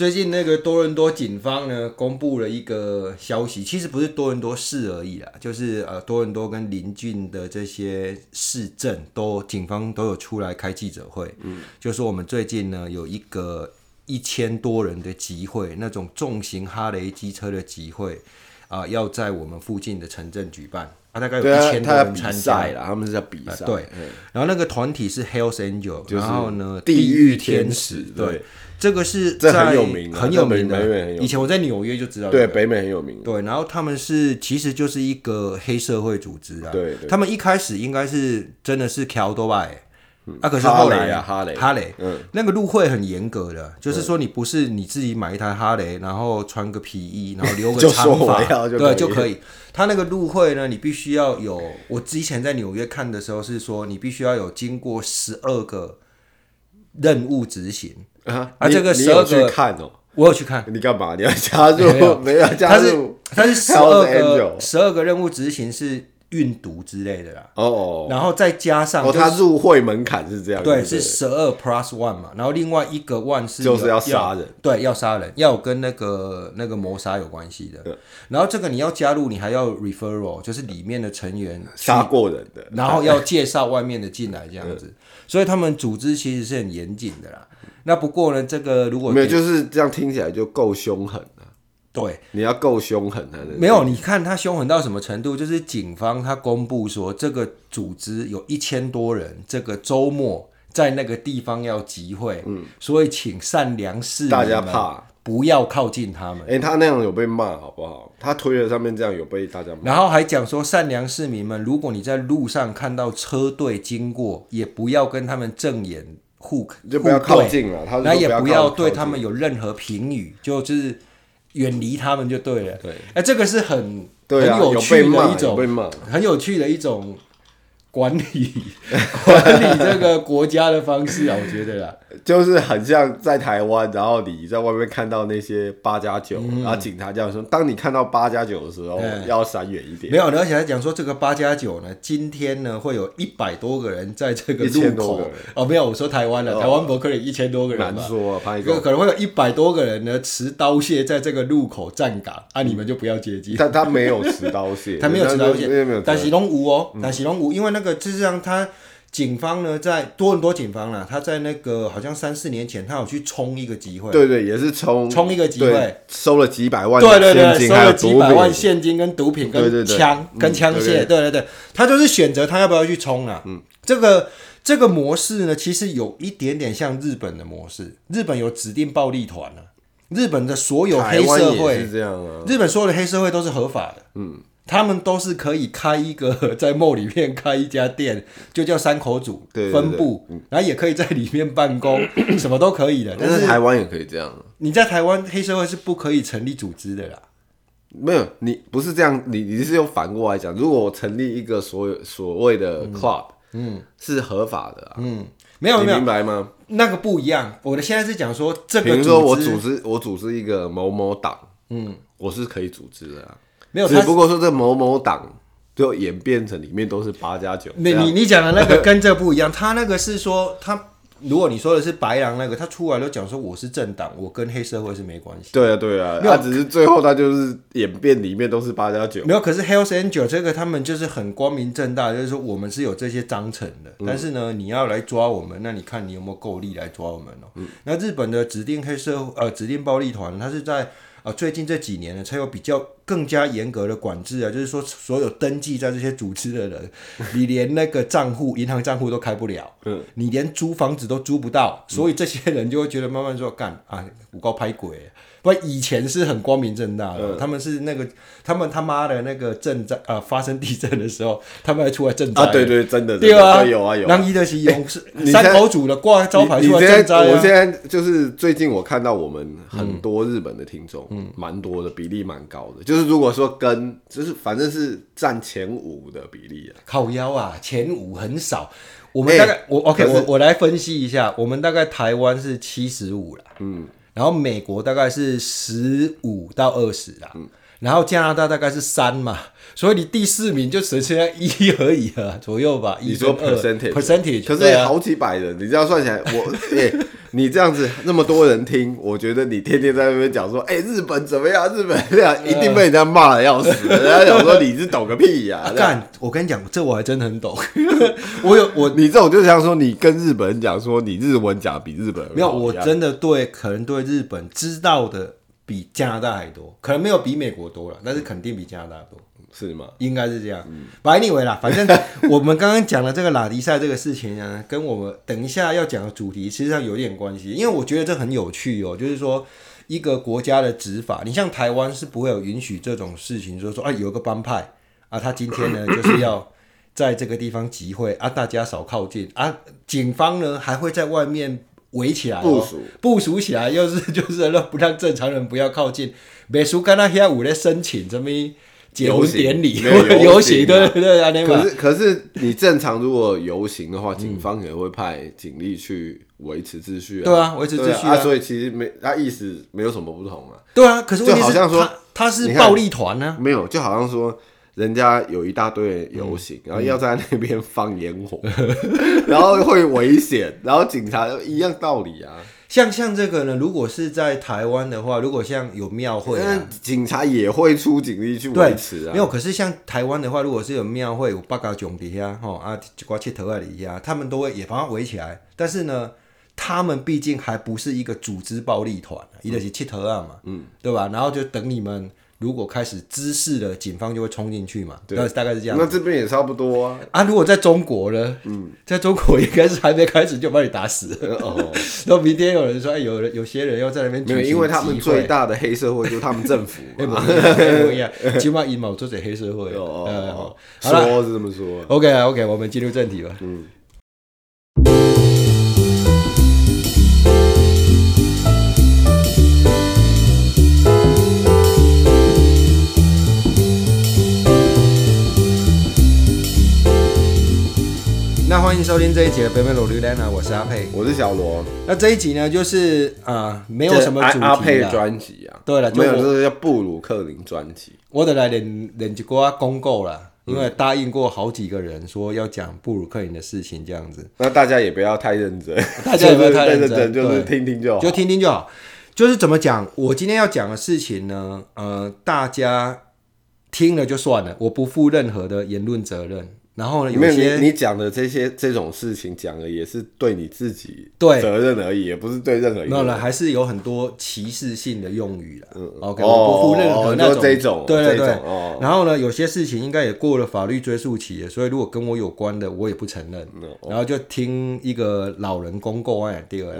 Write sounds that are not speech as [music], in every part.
最近那個多倫多警方呢，公布了一個消息，其實不是多倫多市而已啦，就是呃多倫多跟鄰近的這些市鎮都警方都有出來開記者會，嗯，就說我們最近呢有一個一千多人的集會，那種重型哈雷機車的集會，啊、呃，要在我們附近的城鎮舉辦。啊，大概有一千多人參賽了，他們是在比賽。對，然後那個團體是 Hells Angel，然後呢，地獄天使。對，這個是在很有名的，以前我在紐約就知道，對，北美很有名。對，然後他們是其實就是一個黑社會組織啊。對，他們一開始應該是真的是 Caldo 吧。啊！可是後來啊，哈雷，哈雷，嗯，那個入會很嚴格的，就是說你不是你自己買一台哈雷，然後穿個皮衣，然後留個長髮，對，就可以。他那個入會呢，你必須要有。我之前在紐約看的時候是說，你必須要有經過十二個任務執行啊。這個十二個。你你有去看哦，我有去看。你幹嘛？你要加入？沒有加入？他是他是十二個，十二個任務執行是。運毒之類的啦，哦，oh, oh, oh, oh, 然後再加上，就是，哦，oh, 他入會門檻是這樣，對，對是十二 plus one 嘛，然後另外一個 one 是就是要殺人要，對，要殺人，要有跟那個那個謀殺有關係的，嗯、然後這個你要加入，你還要 referral，就是裡面的成員殺過人的，然後要介紹外面的進來這樣子，嗯、所以他們組織其實是很嚴謹的啦。那不過呢，這個如果沒有就是這樣聽起來就夠凶狠。對，你要夠兇狠的人。沒有，你看他兇狠到什麼程度？就是警方他公布說，這個組織有一千多人，這個周末在那個地方要集會，嗯，所以請善良市民大家怕不要靠近他們。哎、欸，他那樣有被罵好不好？他推了上面這樣有被大家罵。然後還講說，善良市民們，如果你在路上看到車隊經過，也不要跟他們正眼互，互就不要靠近了。他也不要對他們有任何評語，就、就是。遠離他們就對了。哎對、呃，這個是很、啊、很有趣的一種，有有很有趣的一種管理管理這個國家的方式啊， [laughs] 我覺得啦。就是很像在台灣，然後你在外面看到那些八加九，然後警察這樣說，當你看到八加九的時候，要閃遠一點。沒有，而且還講說這個八加九呢，今天呢會有一百多個人在這個路口。哦，沒有，我說台灣了，台灣博客裡一千多個人難說拍一個可能會有一百多個人呢，持刀械在這個路口站崗，啊，你們就不要接近，但他沒有持刀械，他沒有持刀械，但是攏無哦，但是攏無，因為那個就是讓他。警方呢，在多倫多警方啦，他在那個好像三四年前，他有去衝一個機會。對對，也是衝衝一個機會，收了幾百萬。對，對對對，收了幾百萬現金，現金跟毒品對對對，跟槍、嗯、跟槍械，okay. 對對對，他就是選擇他要不要去衝啊。嗯，這個這個模式呢，其實有一點點像日本的模式。日本有指定暴力團啊，日本的所有黑社會是這樣啊，日本所有的黑社會都是合法的。嗯。他們都是可以開一個在 mall 裡面開一家店，就叫山口組分部，嗯、然後也可以在裡面辦公， [coughs] 什麼都可以的。但是台灣也可以這樣。你在台灣黑社會是不可以成立組織的啦。沒有，你不是這樣，你你是用反過來講。嗯，如果我成立一個所所謂的 club，嗯，是合法的，啊，嗯，沒有沒有你明白嗎？那個不一樣。我的現在是講說，這個比如說我組織我組織一個某某黨，嗯，我是可以組織的啊。沒有，只不過說這某某黨就演變成裡面都是八加九。9, 你你你講的那個跟這個不一樣， [laughs] 他那個是說他，如果你說的是白狼那個，他出來都講說我是政黨，我跟黑社會是沒關係。對啊對啊，那有、啊、只是最後他就是演變裡面都是八加九。9沒有，可是 Hell's Angel 這個他們就是很光明正大，就是說我們是有這些章程的，嗯、但是呢，你要來抓我們，那你看你有沒有夠力來抓我們哦、喔？嗯、那日本的指定黑社會呃指定暴力團，他是在、呃、最近這幾年呢才有比較。更加嚴格的管制啊，就是說，所有登記在這些組織的人，你連那個賬戶、銀行賬戶都開不了，嗯，你連租房子都租不到，所以這些人就會覺得慢慢說幹啊，有夠拍鬼。不，以前是很光明正大的，他們是那個，他們他媽的那個賑災啊，發生地震的時候，他們還出來賑災啊，對對，真的，對啊，有啊有，人家就是用山口組的掛招牌出來賑災。我現在就是最近我看到我們很多日本的聽眾，嗯，蠻多的，比例蠻高的，就如果說跟就是反正是佔前五的比例啊，靠腰啊，前五很少。我們大概、欸、我 OK，是我我來分析一下，我們大概台灣是七十五啦，嗯，然後美國大概是十五到二十啦，嗯。然後加拿大大概是三嘛，所以你第四名就只剩下一而已了左右吧。你說 percentage、呃、可是好幾百人，啊、你這樣算起來，我你、 [laughs] 欸、你這樣子那麼多人聽，我覺得你天天在那邊講說，哎、欸，日本怎麼樣？日本這樣一定被人家罵的要死。人家講說你是懂個屁呀！幹，我跟你講，這我還真的很懂。 [laughs] 我有我，你這種就像說你跟日本人講說你日文講比日本沒有，我真的對可能對日本知道的。比加拿大還多，可能沒有比美國多了，但是肯定比加拿大多，嗯、是嗎？應該是這樣。But anyway, 反正我們剛剛講的這個拉迪賽這個事情呢、啊， [laughs] 跟我們等一下要講的主題實際上有點關係，因為我覺得這很有趣哦。就是說，一個國家的執法，你像台灣是不會有允許這種事情，就是說，啊，有個幫派啊，他今天呢就是要在這個地方集會啊，大家少靠近啊，警方呢還會在外面。圍起來、喔，部署部署起來，又是就是那不讓正常人不要靠近。美蘇跟他跳舞來申請什麼結婚典禮，遊行，行，、啊、行對對對，對可是可是你正常如果遊行的話，嗯、警方也會派警力去維持秩序、啊。對啊，維持秩序、啊啊啊、所以其實沒他、啊、意思沒有什麼不同啊。對啊，可是，問題是就好像，說他，他是暴力團呢、啊，沒有，就好像說。人家有一大堆遊行，嗯、然後要在那邊放煙火，嗯、然後會危險，然後警察一樣道理啊。像像這個呢，如果是在台灣的話，如果像有廟會、啊，警察也會出警力去維持啊。沒有，可是像台灣的話，如果是有廟會，有八家將在那呀，吼、哦、啊，就颳七頭啊里呀，他們都會也把它圍起來。但是呢，他們畢竟還不是一個組織暴力團，一個是切頭啊嘛，嗯，對吧？然後就等你們。如果開始滋事了，警方就會衝進去嘛。對，大概是這樣。那這邊也差不多啊。啊，如果在中國呢？嗯，在中國應該是還沒開始就把你打死。哦，那 [laughs] 明天有人說，哎，有人有些人要在那邊。因為他們最大的黑社會就是他們政府嘛。一樣、 [laughs] 欸，起碼陰謀就是黑社會。哦哦哦。說是這麼說。OK 啊，OK，我們進入正題吧。嗯。歡迎收聽這一集的《北美浪流連》，我是阿佩，我是小羅。那這一集呢，就是呃，沒有什麼主題、啊、阿佩的專輯啊。對了，就是、沒有這個叫布魯克林專輯，我得來連接過公告了，嗯、因為答應過好幾個人說要講布魯克林的事情，這樣子。那大家也不要太認真，啊、大家也不要太認真， [laughs] 就，是認真就是聽聽就好，就聽聽就好。就是怎麼講，我今天要講的事情呢？呃，大家聽了就算了，我不負任何的言論責任。然後呢，有些你講的這些這種事情，講的也是對你自己責任而已，也不是對任何沒那了。還是有很多歧視性的用語，嗯，OK，不負任何那種。這種。對對對。然後呢，有些事情應該也過了法律追溯期，所以如果跟我有關的，我也不承認。然後就聽一個老人公告案第二。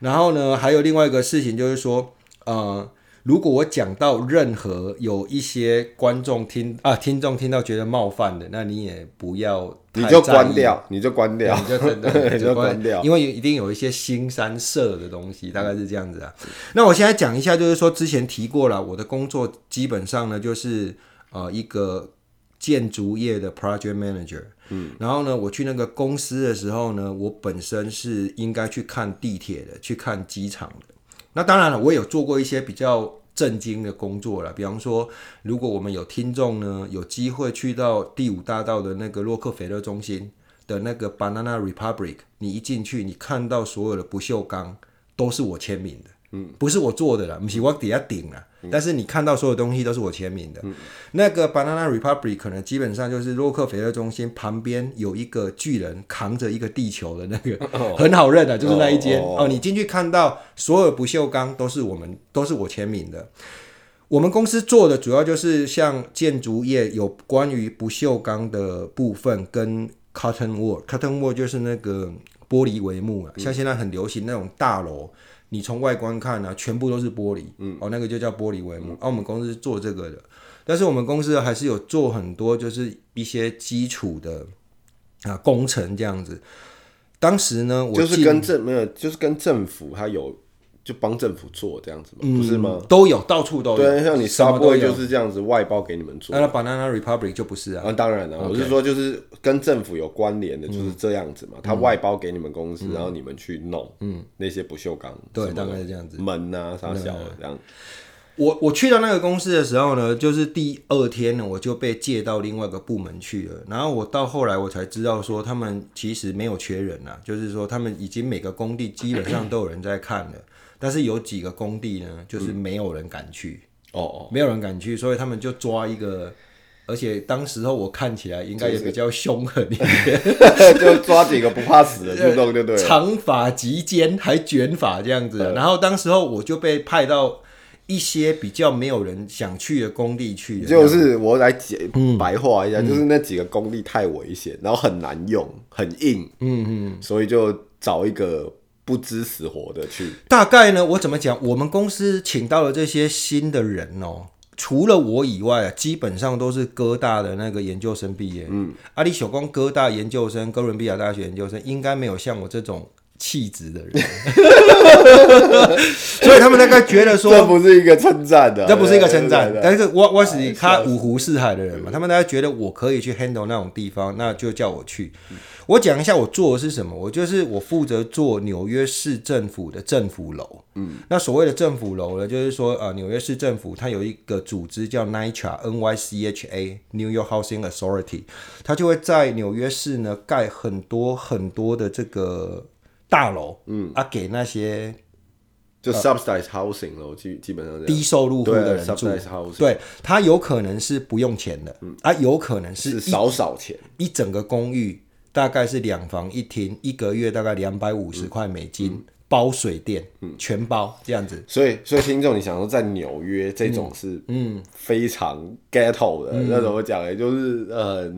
然後呢，還有另外一個事情就是說，呃如果我講到任何有一些觀眾聽啊聽眾聽到覺得冒犯的，那你也不要，你就關掉，你就關掉，嗯、你就真的你就，你就關掉，因為一定有一些腥羶色的東西，大概是這樣子啊。嗯、那我現在講一下，就是說之前提過了，我的工作基本上呢就是呃一個建築業的 project manager，嗯，然後呢我去那個公司的時候呢，我本身是應該去看地鐵的，去看機場的。那當然了，我也有做過一些比較震驚的工作啦。比方說，如果我們有聽眾呢，有機會去到第五大道的那個洛克菲勒中心的那個 Banana Republic，你一進去，你看到所有的不鏽鋼都是我簽名的。嗯，不是我做的啦，不是我底下頂了。嗯、但是你看到所有東西都是我簽名的。嗯、那個 Banana Republic 可能基本上就是洛克菲勒中心旁邊有一個巨人扛着一個地球的那個，哦、很好認的、啊，就是那一間哦，哦，哦。你進去看到所有不鏽鋼都是我們都是我簽名的。我們公司做的主要就是像建築業有關於不鏽鋼的部分，跟 Curtain Wall Curtain Wall 就是那個玻璃帷幕啊，嗯、像現在很流行那種大樓。你從外觀看呢、啊，全部都是玻璃，嗯，哦，那個就叫玻璃帷幕。而、嗯啊，我們公司是做這個的，但是我們公司還是有做很多，就是一些基礎的啊工程這樣子。當時呢，我就是跟政進，沒有，就是跟政府他有。就幫政府做這樣子嘛，不是嗎？都有，到處都有。對，像你 Subway 就是這樣子外包給你們做。那 Banana Republic 就不是啊？啊，當然了，我是說就是跟政府有關聯的，就是這樣子嘛。他外包給你們公司，然後你們去弄，嗯，那些不鏽鋼，對，大概是這樣子。門啊，啥小的這樣。我我去到那個公司的時候呢，就是第二天呢，我就被借到另外一個部門去了。然後我到後來我才知道說，他們其實沒有缺人啊，就是說他們已經每個工地基本上都有人在看了。咳咳，但是有幾個工地呢，就是沒有人敢去哦哦，嗯、沒有人敢去，哦哦，所以他們就抓一個。而且當時候我看起來應該也比較凶狠一點，就是、 [laughs] 就抓幾個不怕死的去弄就對了。呃、長髮及肩還捲髮這樣子，嗯、然後當時候我就被派到。一些比較沒有人想去的工地去，就是我來解白話一下，嗯、就是那幾個工地太危險，嗯、然後很難用，很硬，嗯嗯哼，所以就找一個不知死活的去。大概呢，我怎麼講？我們公司請到的這些新的人哦、喔，除了我以外、啊，基本上都是哥大的那個研究生畢業，嗯，阿里小光哥大研究生，哥倫比亞大學研究生，應該沒有像我這種氣質的人， [laughs] [laughs] 所以他們大概覺得說，這不是一個稱讚的、啊，這不是一個稱讚的、啊，但是我、啊、我是他五湖四海的人嘛，他們大概覺得我可以去 handle 那種地方，那就叫我去。我講一下我做的是什麼，我就是我負責做紐約市政府的政府樓。嗯，那所謂的政府樓呢，就是說呃，紐約市政府它有一個組織叫 NYCHA，N Y C H A，New York Housing Authority，它就會在紐約市呢蓋很多很多的這個。大樓，嗯啊，給那些就 subsidized housing 嘍，基基本上低收入戶的人住，對，他有可能是不用錢的，啊，有可能是少少錢，一整個公寓大概是兩房一廳，一個月大概兩百五十塊美金，包水電，嗯，全包這樣子。所以，所以聽眾你想說，在紐約這種是，嗯，非常 ghetto 的，那怎麼講呢？就是呃。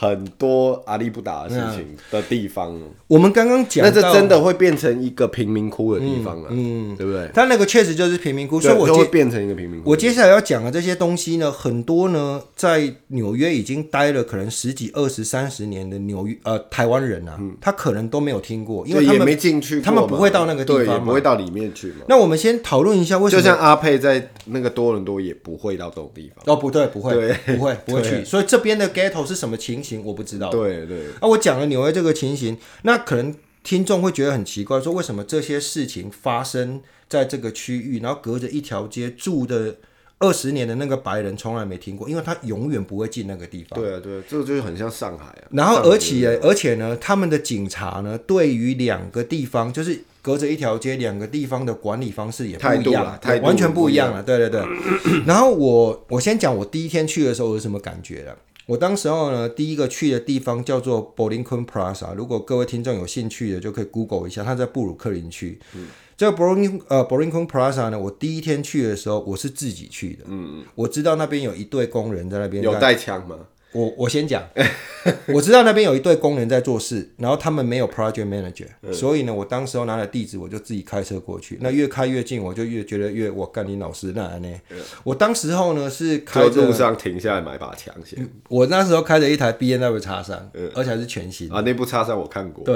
很多阿里不達的事情的地方，我們剛剛講，那這真的會變成一個貧民窟的地方了，嗯，對不對？但那個確實就是貧民窟，都變成一個貧民窟。我接下來要講的這些東西呢，很多呢，在紐約已經待了可能十幾、二十三十年的紐約呃台灣人啊，他可能都沒有聽過，因為也沒進去，他們不會到那個地方，不會到裡面去嘛。那我們先討論一下，為什麼就像阿佩在那個多倫多也不會到這種地方？哦，不對，不會，不會，不會去。所以這邊的 ghetto 是什麼情形？我不知道。對對，啊，我講了紐約、欸、這個情形，那可能聽眾會覺得很奇怪，說為什麼這些事情發生在這個區域，然後隔着一條街住的二十年的那個白人從來沒聽過，因為他永遠不會進那個地方。對啊，對啊，對，這個就是很像上海啊。然後，而且，而且呢，他們的警察呢，對於兩個地方，就是隔着一條街兩個地方的管理方式也不一樣，完全不一樣了。樣，對對對。 [coughs] 然後我，我先講我第一天去的時候有什麼感覺了。我當時候呢，第一個去的地方叫做 Borinquen Plaza，如果各位聽眾有興趣的，就可以 Google 一下，他在布魯克林區。嗯、這個 Borin 呃 Borinquen Plaza 呢，我第一天去的時候，我是自己去的。嗯、我知道那邊有一對工人在那邊。有帶槍嗎？我我先講， [laughs] 我知道那邊有一對工人在做事，然後他們沒有 project manager，、嗯、所以呢，我當時候拿了地址，我就自己開車過去。那越開越近，我就越覺得越我幹你老師那呢。嗯、我當時候呢是在路上停下來買把槍先。我那時候開着一台 BMW 叉三，嗯、而且是全新。啊，那部叉三我看過。對，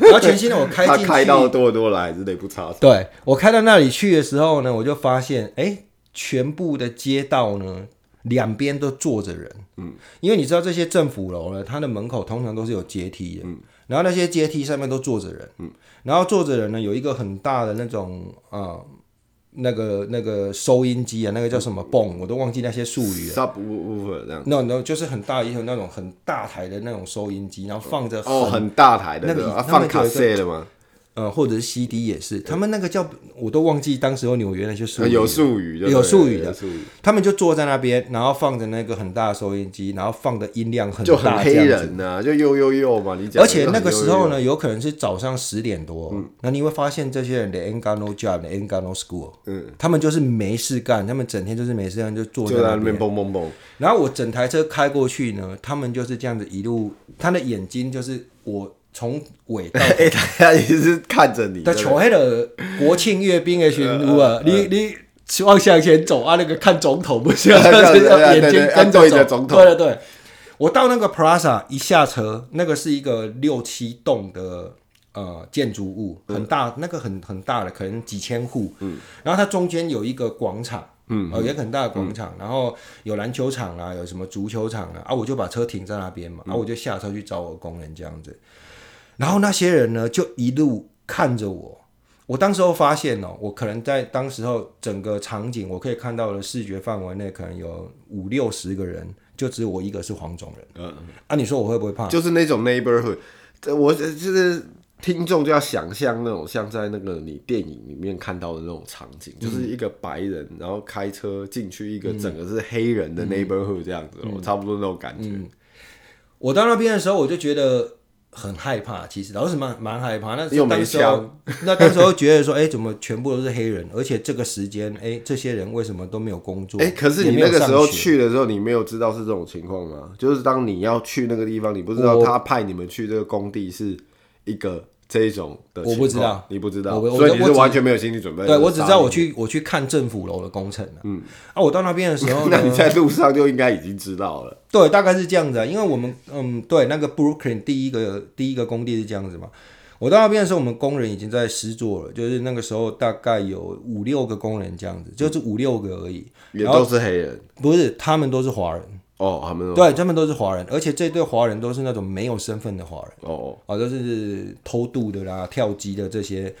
然後全新的我開進去開到了多了多來是那部叉三。對我開到那裡去的時候呢，我就發現哎、欸，全部的街道呢兩邊都坐着人。嗯，因為你知道這些政府樓呢，它的門口通常都是有階梯的，嗯，然後那些階梯上面都坐着人，嗯，然後坐着人呢，有一個很大的那種啊、呃，那個那個收音機啊，那個叫什麼泵、嗯，我都忘記那些術語了，subwoofer，這樣，no no，就是很大一個那種很大台的那種收音機，然後放着哦很大台的那個放卡塞的嗎？呃、嗯，或者是 CD 也是，嗯、他們那個叫我都忘記當時候紐約那些術語，有術語，有術語的，有術語，他們就坐在那邊，然後放着那個很大的收音機，然後放的音量很大，這樣子就很黑人啊，就又又又嘛，你講的，而且那個時候呢，yo yo 有可能是早上十點多，嗯，那你會發現這些人的 no job，no school，嗯，他們就是沒事幹，他們整天就是沒事幹，就坐在那邊蹦蹦蹦，然後我整台車開過去呢，他們就是這樣子一路，他的眼睛就是我。從尾到頭，大家一直看着你。他瞧那個國慶閱兵的巡遊啊，你你往向前走啊，那個看總統不需要，眼睛盯着總統。對對對，我到那個 Plaza 一下車，那個是一個六七棟的呃建築物，很大，那個很很大的，可能幾千戶。嗯。然後它中間有一個廣場，嗯，也很大的廣場，然後有籃球場啊，有什麼足球場啊，啊，我就把車停在那邊嘛，啊，我就下車去找我工人這樣子。然後那些人呢，就一路看着我。我當時候發現哦，我可能在當時候整個場景，我可以看到的視覺範圍內，可能有五六十個人，就只有我一個是黃種人。嗯，啊，你說我會不會怕？就是那種 neighborhood，我就是聽眾就要想象那種像在那個你電影裡面看到的那種場景，就是一個白人然後開車進去一個整個是黑人的 neighborhood 這樣子，哦，嗯，差不多那種感覺。嗯，我到那邊的時候，我就覺得。很害怕，其實老實蠻蠻害怕。那那時候，又沒那那時候覺得說，哎、 [laughs] 欸，怎麼全部都是黑人？而且這個時間，哎、欸，這些人為什麼都沒有工作？哎、欸，可是你那個時候去的時候，沒你沒有知道是這種情況嗎？就是當你要去那個地方，你不知道他派你們去這個工地是一個。這一種的情況，我不知道，你不知道，我我所以你是完全沒有心理準備的。我我對我只知道我去我去看政府樓的工程啊，嗯啊，我到那邊的時候、那個， [laughs] 那你在路上就應該已經知道了。對，大概是這樣子，啊，因為我們嗯，對，那個 Brooklyn、ok、第一個第一個工地是這樣子嘛。我到那邊的時候，我們工人已經在施作了，就是那個時候大概有五六個工人這樣子，就是五六個而已。也都是黑人？不是，他們都是華人。哦，他們對，他們都是華人，而且這對華人都是那種沒有身份的華人。哦哦，啊，都是偷渡的啦、跳機的這些，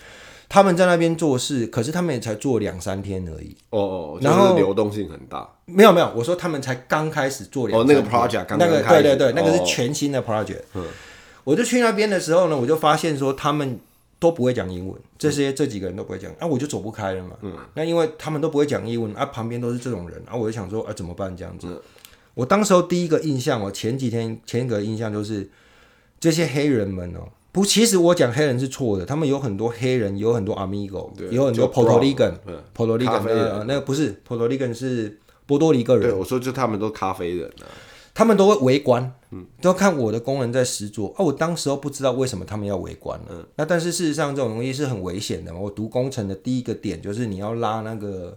他們在那邊做事，可是他們也才做兩三天而已。哦哦，然後流動性很大。沒有沒有，我說他們才剛開始做兩哦，那個 project 剛那個對對對，那個是全新的 project。我就去那邊的時候呢，我就發現說他們都不會講英文，這些這幾個人都不會講啊，我就走不開了嘛。嗯，那因為他們都不會講英文啊，旁邊都是這種人啊，我就想說啊，怎麼辦這樣子？我當時候第一個印象，我前幾天前一個印象就是這些黑人們哦，不，其實我講黑人是錯的，他們有很多黑人，有很多 amigo，對有很多 potaligen，potaligen，那個不是 potaligen 是波多黎各人，對，我說就他們都咖啡人、啊、他們都會圍觀，嗯，都看我的工人在施作，哦、啊，我當時候不知道為什麼他們要圍觀了，嗯、那但是事實上這種東西是很危險的，我讀工程的第一個點就是你要拉那個。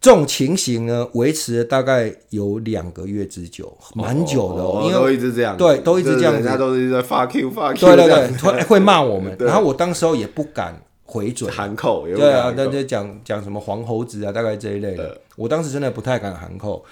這種情形呢，維持了大概有兩個月之久，蠻、oh, 久的哦。哦、oh, oh, 因為都一直這樣，對，都一直這樣子，這樣子。人家在發 Q 發 Q，對對對，會會罵我們。對，然後我當時候也不敢回嘴，含口。對啊，那就講講什麼黃猴子啊，大概這一類的。對，我當時真的不太敢含扣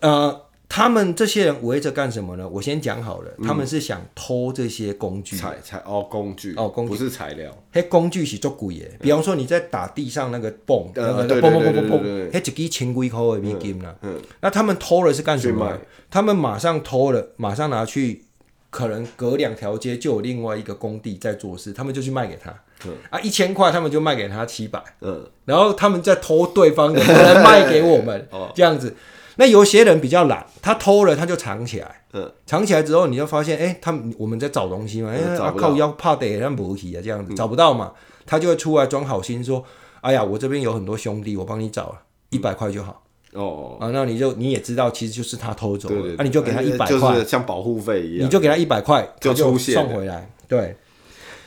呃。他們這些人圍着幹什麼呢？我先講好了，他們是想偷這些工具材材哦，工具哦，工具不是材料，嘿，工具是很貴的。比方說你在打地上那個蹦，呃，對，蹦蹦蹦蹦蹦一支千幾塊的美金啦。嗯，那他們偷了是幹什麼？他們馬上偷了，馬上拿去，可能隔兩條街就有另外一個工地在做事，他們就去賣給他。對啊，一千塊他們就賣給他七百。嗯，然後他們再偷對方的，來賣給我們，這樣子。那有些人比較懶，他偷了他就藏起來，嗯，藏起來之後你就發現，哎，他們我們在找東西嘛，哎，他靠腰怕得像不起啊這樣子，找不到嘛，他就會出來裝好心說，哎呀，我這邊有很多兄弟，我幫你找了一百塊就好，哦，啊，那你就你也知道，其實就是他偷走了，那你就給他一百塊，像保護費一樣，你就給他一百塊，就送回來，對，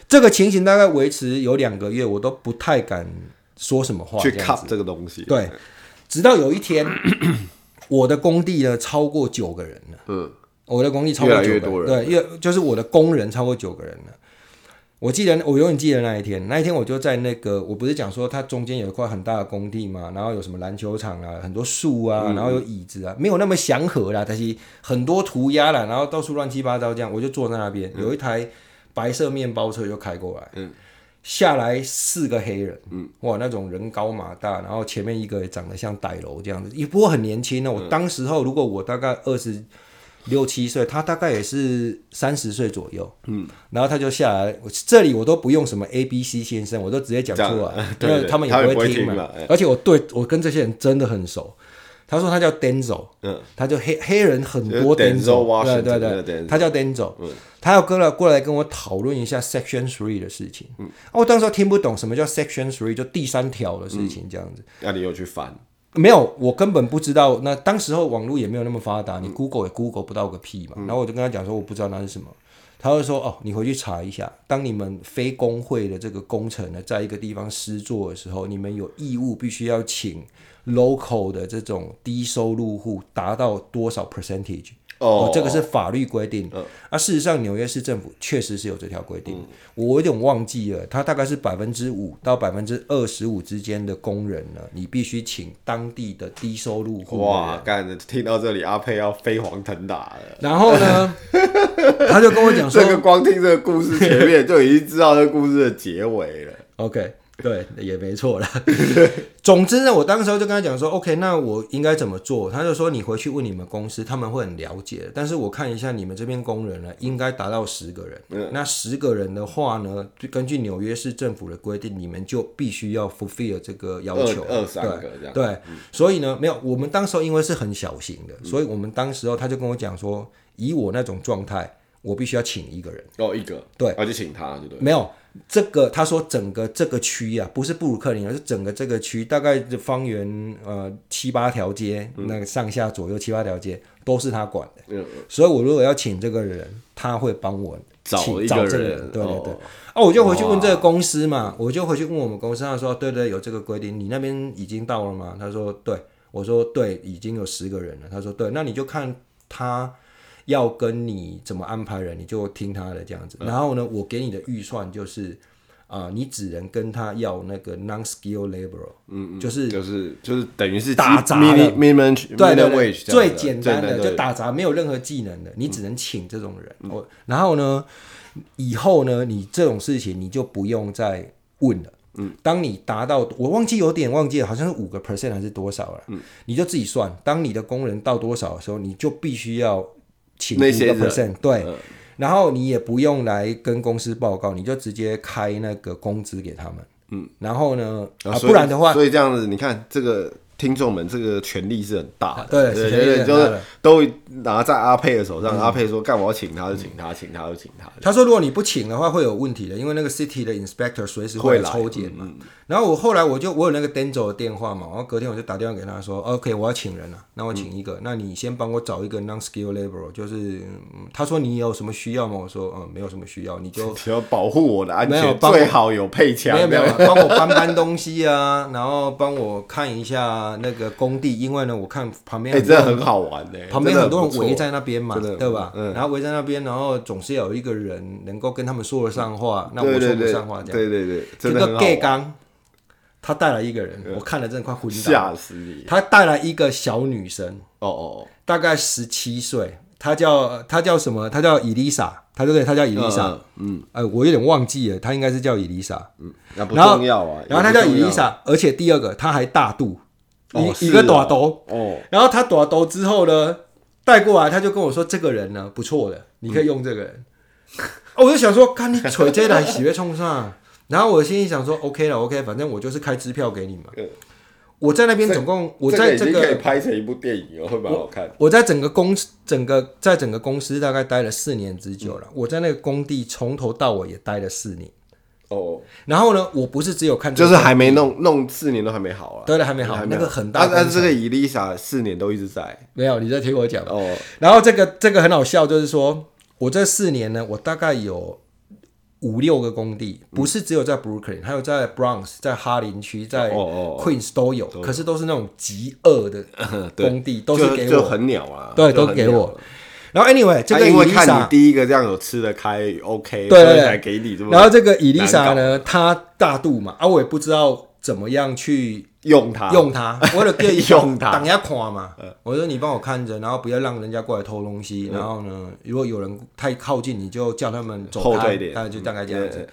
這個情形大概維持有兩個月，我都不太敢說什麼話去卡這個東西，對，直到有一天。我的工地呢，超過九個人了。嗯，我的工地超過九個人，越來越多人了。對，越就是我的工人超過九個人了。我記得，我永遠記得那一天。那一天，我就在那個，我不是講說它中間有一塊很大的工地嘛，然後有什麼籃球場啊，很多樹啊，然後有椅子啊，沒有那麼祥和啦，但是很多塗鴉啦，然後到處亂七八糟這樣，我就坐在那邊，有一台白色麵包車就開過來。嗯。嗯下來四個黑人，嗯，哇，那種人高馬大，然後前面一個也長得像傣樓這樣子，一不過很年輕呢。我當時候如果我大概二十六七歲，他大概也是三十歲左右，嗯，然後他就下來，這裡我都不用什麼 A B C 先生，我都直接講出來，對對對，因為他們也不會聽嘛。聽嘛，而且我對我跟這些人真的很熟。他說他叫 Denzel，他就黑、嗯、黑人很多，Denzel，對，對對對，Denzel, 他叫 Denzel，嗯、他要過來過來跟我討論一下 Section Three 的事情，哦、嗯啊，我當時聽不懂什麼叫 Section Three，就第三條的事情、嗯、這樣子。那你又去翻？沒有，我根本不知道。那當時候網絡也沒有那麼發達，你 Google 也 Google 不到個屁嘛。嗯、然後我就跟他講說，我不知道那是什麼。他會說：“哦，你回去查一下，當你們非工會的這個工程呢，在一個地方施作的時候，你們有義務必須要請 local 的這種低收入戶達到多少 percentage？” Oh, 哦，這個是法律規定。呃、啊，事實上紐約市政府確實是有這條規定，嗯、我有點忘記了，他大概是百分之五到百分之二十五之間的工人呢，你必須請當地的低收入戶。哇，幹！聽到這裡，阿佩要飛黃騰達了。然後呢？ [laughs] 他就跟我講說，這個光聽這個故事前面就已經知道這個故事的結尾了。 [laughs] OK。 [laughs] 對，也沒錯了。總之呢，我當時候就跟他講說，OK，那我應該怎麼做？他就說，你回去問你們公司，他們會很了解的。但是我看一下你們這邊工人呢，應該達到十個人。嗯、那十個人的話呢，就根據紐約市政府的規定，你們就必須要 fulfill 這個要求。二、二三個這樣。對，嗯、對，所以呢，沒有，我們當時候因為是很小型的，所以我們當時候他就跟我講說，以我那種狀態。我必須要請一個人哦，一個對，而且就請他就對。沒有這個，他說整個這個區啊，不是布魯克林而是整個這個區，大概方圓呃七八條街，那個上下左右七八條街都是他管的。所以我如果要請這個人，他會幫我找找這個人，對對對。哦，我就回去問這個公司嘛，我就回去問我們公司，他說對對，有這個規定，你那邊已經到了嗎？他說對，我說對，已經有十個人了。他說對，那你就看他。要跟你怎麼安排人，你就聽他的這樣子。然後呢，我給你的預算就是，啊，你只能跟他要那個 non-skilled labor，嗯嗯，就是就是就是等於是打雜對，minimum wage 最簡單的就打雜，沒有任何技能的，你只能請這種人。然後呢，以後呢，你這種事情你就不用再問了。嗯，當你達到我忘記有點忘記了，好像是五個 percent 還是多少了？你就自己算。當你的工人到多少的時候，你就必須要。那些請一個 person 對。然後你也不用來跟公司報告，你就直接開那個工資給他們，嗯，然後呢，啊不然的話，所以這樣子，你看這個。聽眾們，這個權力，是很大的，對對對，就是都拿在阿佩的手上。阿佩說：“幹，我請他就請他，請他就請他。”他說：“如果你不請的話，會有問題的，因為那個 City 的 Inspector 隨時會來抽檢嘛。”然後我後來我就我有那個 Daniel 的電話嘛，然後隔天我就打電話給他說：“OK，我要請人了，那我請一個，那你先幫我找一個 Non-skilled labor。就是他說，你有什麼需要嗎？我說：嗯，沒有什麼需要，你就只要保護我的安全，最好有配槍。沒有沒有，幫我搬搬東西啊，然後幫我看一下。”啊，那個工地，因為呢，我看旁邊，真的很好玩，旁邊很多人圍在那邊嘛，對吧？然後圍在那邊，然後總是有一個人能夠跟他們說得上話，那我說不上話，這樣對對對，真的很好。這個蓋剛他帶了一個人，我看了真的快昏了。他帶來一個小女生，哦哦哦，大概十七歲，她叫她叫什麼？她叫伊麗莎，她對不對？她叫伊麗莎，嗯，哎，我有點忘記了，她應該是叫伊麗莎，嗯，那不重要啊。然後她叫伊麗莎，而且第二個，她還大肚。一你、哦啊、一個朵朵，哦，然後他朵朵之後呢，帶過來，他就跟我說：“這個人呢，不錯的，你可以用這個人。嗯哦”我就想說，看 [laughs] 你扯這些來喜悅衝上。 [laughs] 然後我心裡想說 [laughs] ：“OK 了，OK，反正我就是開支票給你嘛。嗯”我在那邊總共，我在這個,這個拍成一部電影，會蠻好看。我,我在整個公司，整個在整個公司大概待了四年之久了。嗯、我在那個工地從頭到尾也待了四年。哦，oh. 然後呢？我不是只有看，就是還沒弄弄四年都還沒好啊。對的，還沒好。沒好，那個很大，但是這個伊麗莎四年都一直在，沒有你在聽我講哦。Oh. 然後這個這個很好笑，就是說我這四年呢，我大概有五六個工地，不是只有在布魯克林，嗯、還有在 Bronx，在哈林區，在 Queens 都有，oh, oh, oh, oh. 可是都是那種極惡的工地， [laughs] 對都是給我很鳥啊，對，都給我。然後，anyway，這個伊麗莎，因為看你第一個這樣有吃的開，OK，對,對對，然後這個伊麗莎呢，搞她大度嘛，啊，我也不知道怎麼樣去用它，用它，為了可以擋一下看嘛。我說你幫我看着，然後不要讓人家過來偷東西。嗯、然後呢，如果有人太靠近，你就叫他們走開一點。大概就大概這樣子。嗯對對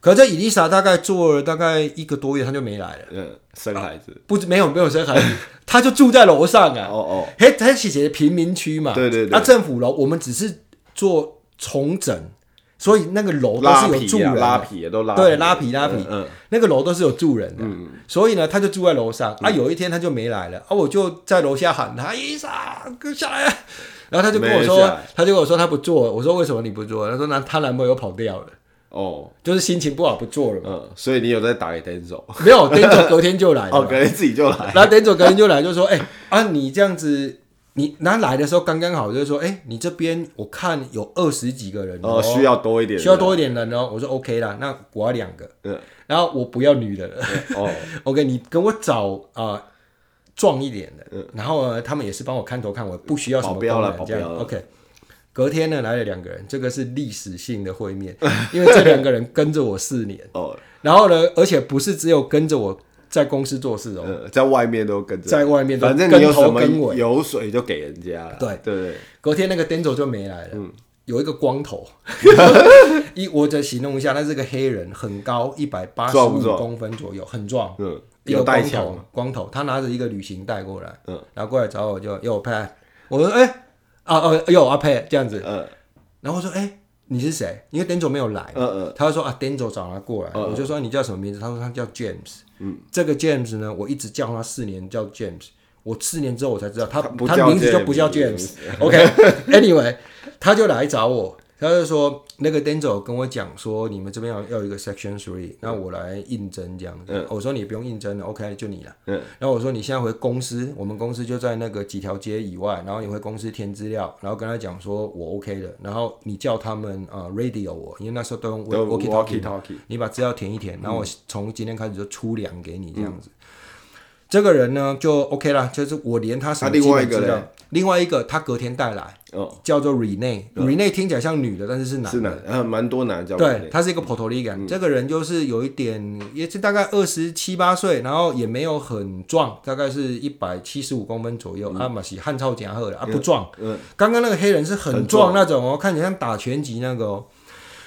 可這伊麗莎大概做了大概一個多月，她就沒來了。嗯，生孩子？啊、不，沒有沒有生孩子，她 [laughs] 就住在樓上啊。哦哦，他其實是，貧民區嘛。對對對。那政府樓，我們只是做重整，所以那個樓都是有住人的。啊、都對，拉皮拉皮。嗯，嗯。那個樓都是有住人的。嗯，嗯，所以呢，她就住在樓上。啊，有一天她就沒來了。嗯、啊，我就在樓下喊她，伊麗莎，下來啊！然後她就跟我說，她就跟我說，她不做。我說，為什麼你不做？她說那她男朋友跑掉了。哦，就是心情不好不做了嘛。嗯，所以你有在打給 Dean 嫂？沒有，Dean 嫂隔天就來。哦，隔天自己就來。那 Dean 嫂隔天就來，就說：“哎啊，你這樣子，你那來的時候剛剛好，就是說，哎，你這邊我看有二十幾個人，哦，需要多一點，需要多一點人哦。”我說：“OK 啦，那我要兩個，嗯，然後我不要女的了。哦，OK，你跟我找啊，壯一點的。嗯，然後他們也是幫我看頭看我不需要什麼。保鏢了，保鏢了。這樣，OK。”隔天呢，來了兩個人，這個是歷史性的會面，因為這兩個人跟着我四年哦。 [laughs] 然後呢，而且不是只有跟着我在公司做事哦，嗯、在外面都跟着，在外面都跟頭跟尾，反正有油水就給人家。對對，對對。隔天那個 Daniel 就沒來了，嗯、有一個光頭， [laughs] [laughs] 一我就形容一下，他是一個黑人，很高，一百八十五公分左右，很壯，有、嗯、光頭有光頭，他拿着一個旅行袋過來，嗯、然後過來找我就要拍，我說哎。欸啊啊喲阿沛這樣子，uh, 然後我說哎你是誰？因為 Denzel 沒有來，uh, uh, 他就說啊 Denzel 找他過來，uh, 我就說你叫什麼名字？他說他叫 James。嗯，這個 James 呢，我一直叫他四年叫 James，我四年之後我才知道他他名,他名字就不叫 James。OK，Anyway，Okay , [laughs] 他就來找我。他就說：“那個 Daniel 跟我講說，你們這邊要要一個 Section Three，、嗯、那我來應徵這樣子。嗯、我說你不用應徵了，OK，就你了。嗯，然後我說你現在回公司，我們公司就在那個幾條街以外，然後你回公司填資料，然後跟他講說我 OK 的。然後你叫他們啊 Radio 我，因為那時候都用 Talkie t a l k i 你把資料填一填，嗯、然後我從今天開始就出糧給你這樣子。嗯、這個人呢就 OK 了，就是我連他他另外一個。另外一個他隔天帶來，叫做 Rene，Rene 聽起來像女的，但是是男是男，啊，蠻多男的叫。對，他是一個 Puerto Rican，這個人就是有一點，也是大概二十七八歲，然後也沒有很壯，大概是一百七十五公分左右。阿馬西，汗臭，加厚的，啊，不壯。嗯。剛剛那個黑人是很壯那種哦，看起來像打拳擊那個哦。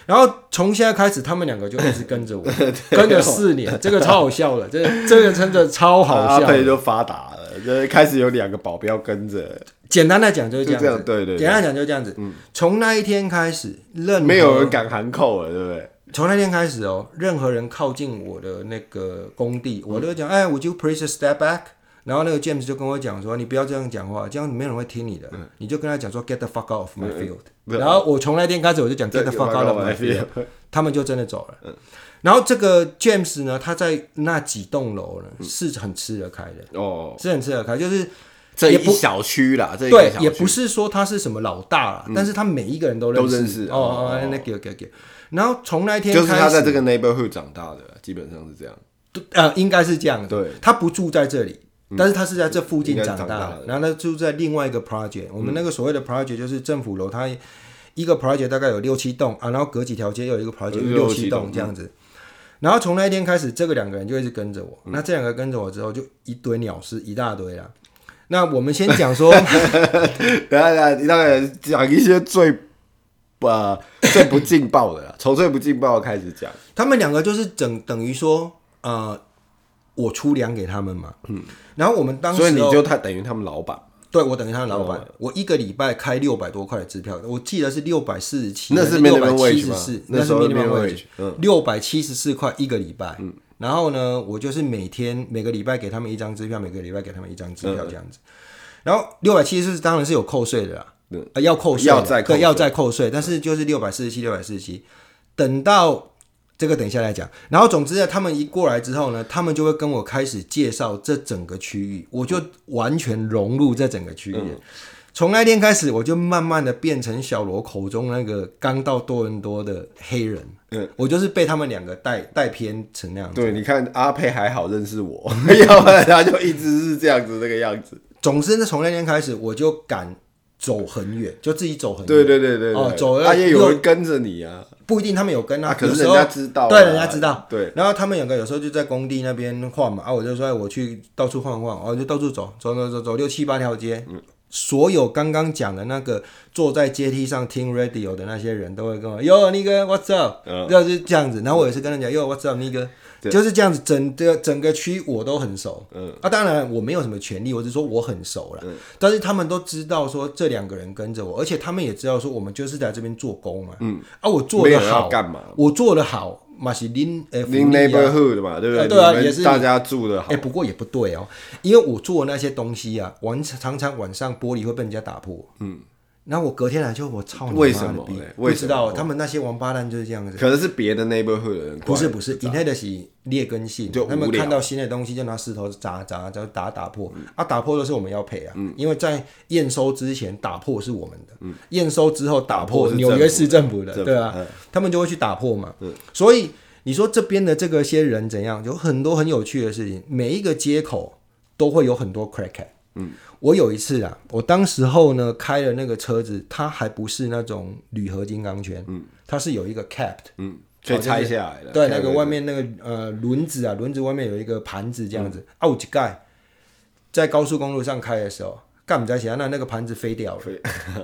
然後從現在開始，他們兩個就一直跟着我，跟了四年，這個超好笑了，這這個真的超好笑。阿沛就發達了。就開始有兩個保鏢跟着。簡單的講就是這樣子，就這樣，對對。簡單講就是這樣子。嗯，從那一天開始，任沒有人敢喊扣了，對不對？從那一天開始哦、喔，任何人靠近我的那個工地，我都會講，哎、嗯欸、，would you please step back。然後那個 James 就跟我講說，你不要這樣講話，這樣沒有人會聽你的。嗯。你就跟他講說 get the fuck out of my field。嗯、然後我從那天開始我就講、嗯、get the fuck out of my field、嗯。他們就真的走了。嗯。然後這個 James 呢，他在那幾棟樓呢是很吃得開的哦，是很吃得開，就是這一小區啦。對，也不是說他是什麼老大啦，但是他每一個人都認識。哦，那個給給。然後從那天就是他在這個 neighborhood 長大的，基本上是這樣。都啊，應該是這樣。對，他不住在這裡，但是他是在這附近長大的。然後他住在另外一個 project。我們那個所謂的 project 就是政府樓，他一個 project 大概有六七棟啊，然後隔幾條街又有一個 project，六七棟這樣子。然後從那一天開始，這個兩個人就一直跟着我。那這兩個跟着我之後，就一堆鳥事，一大堆了。那我們先講說， [laughs] 等一下，等一下大概講一些最，呃，最不勁爆的啦 [laughs] 從最不勁爆開始講。他們兩個就是等等於說，呃，我出糧給他們嘛。嗯。然後我們當時，所以你就他等於他們老板。對，我等於他的老闆。哦、我一個禮拜開六百多塊的支票，我記得是六百四十七，那是六百七十四，那時候的 minimum wage，六百七十四塊一個禮拜。嗯、然後呢，我就是每天每個禮拜給他們一張支票，每個禮拜給他們一張支票這樣子。嗯、然後六百七十四當然是有扣稅的啦，啊、嗯呃、要扣稅，要再扣稅，但是就是六百四十七，六百四十七，等到。這個等一下來講，然後總之呢，他們一過來之後呢，他們就會跟我開始介紹這整個區域，我就完全融入這整個區域。嗯、從那天開始，我就慢慢的變成小羅口中那個剛到多倫多的黑人。嗯，我就是被他們兩個帶帶偏成那樣子。對，你看阿沛還好認識我，沒有，他就一直是這樣子這個樣子。 [laughs] 總之呢，從那天開始，我就敢。走很遠，就自己走很遠。對對對對，對哦，走了，他、啊、也有人跟着你啊，不一定他們有跟啊。啊可是人家知道。啊，對人家知道，對。然後他們兩個有時候就在工地那邊晃嘛，啊，我就說我去到處晃一晃，我、哦、就到處走走走走走六七八條街。嗯、所有剛剛講的那個坐在階梯上聽 radio 的那些人都會跟我，喲，尼哥，what's up？然後、嗯、就這樣子。然後我也是跟人講，喲，what's up，尼哥。對就是這樣子整，整個整個區我都很熟。嗯，啊，當然我沒有什麼權利，我是說我很熟了。嗯、但是他們都知道說這兩個人跟着我，而且他們也知道說我們就是在這邊做工嘛。嗯，啊，我做的好幹嘛？我做的好嘛是鄰呃 neighborhood 嘛，對不對？對啊，也是你 neighborhood、欸、大家住的好。哎，欸、不過也不對哦、喔，因為我做的那些東西啊，晚常常晚上玻璃會被人家打破。嗯。那我隔天來就我操你媽的逼，我不知道他們那些王八蛋就是這樣子。可能是別的 neighborhood 的人。不是不是 i n h e n i t y 劣根性，他們看到新的東西就拿石頭砸砸，叫打打破。啊，打破的是我們要賠啊，因為在驗收之前打破是我們的，驗收之後打破是紐約市政府的，對吧？他們就會去打破嘛。所以你說這邊的這個些人怎樣？有很多很有趣的事情，每一個街口都會有很多 crack。嗯。我有一次啊，我當時候呢，開的那個車子，它還不是那種鋁合金鋼圈，嗯，它是有一個 cap、嗯、的，嗯，所以拆下來了，對，那個外面那個呃輪子啊，輪子外面有一個盤子這樣子，哦、嗯，迪蓋、啊，在高速公路上開的時候，幹麼在想那那個盤子飛掉了，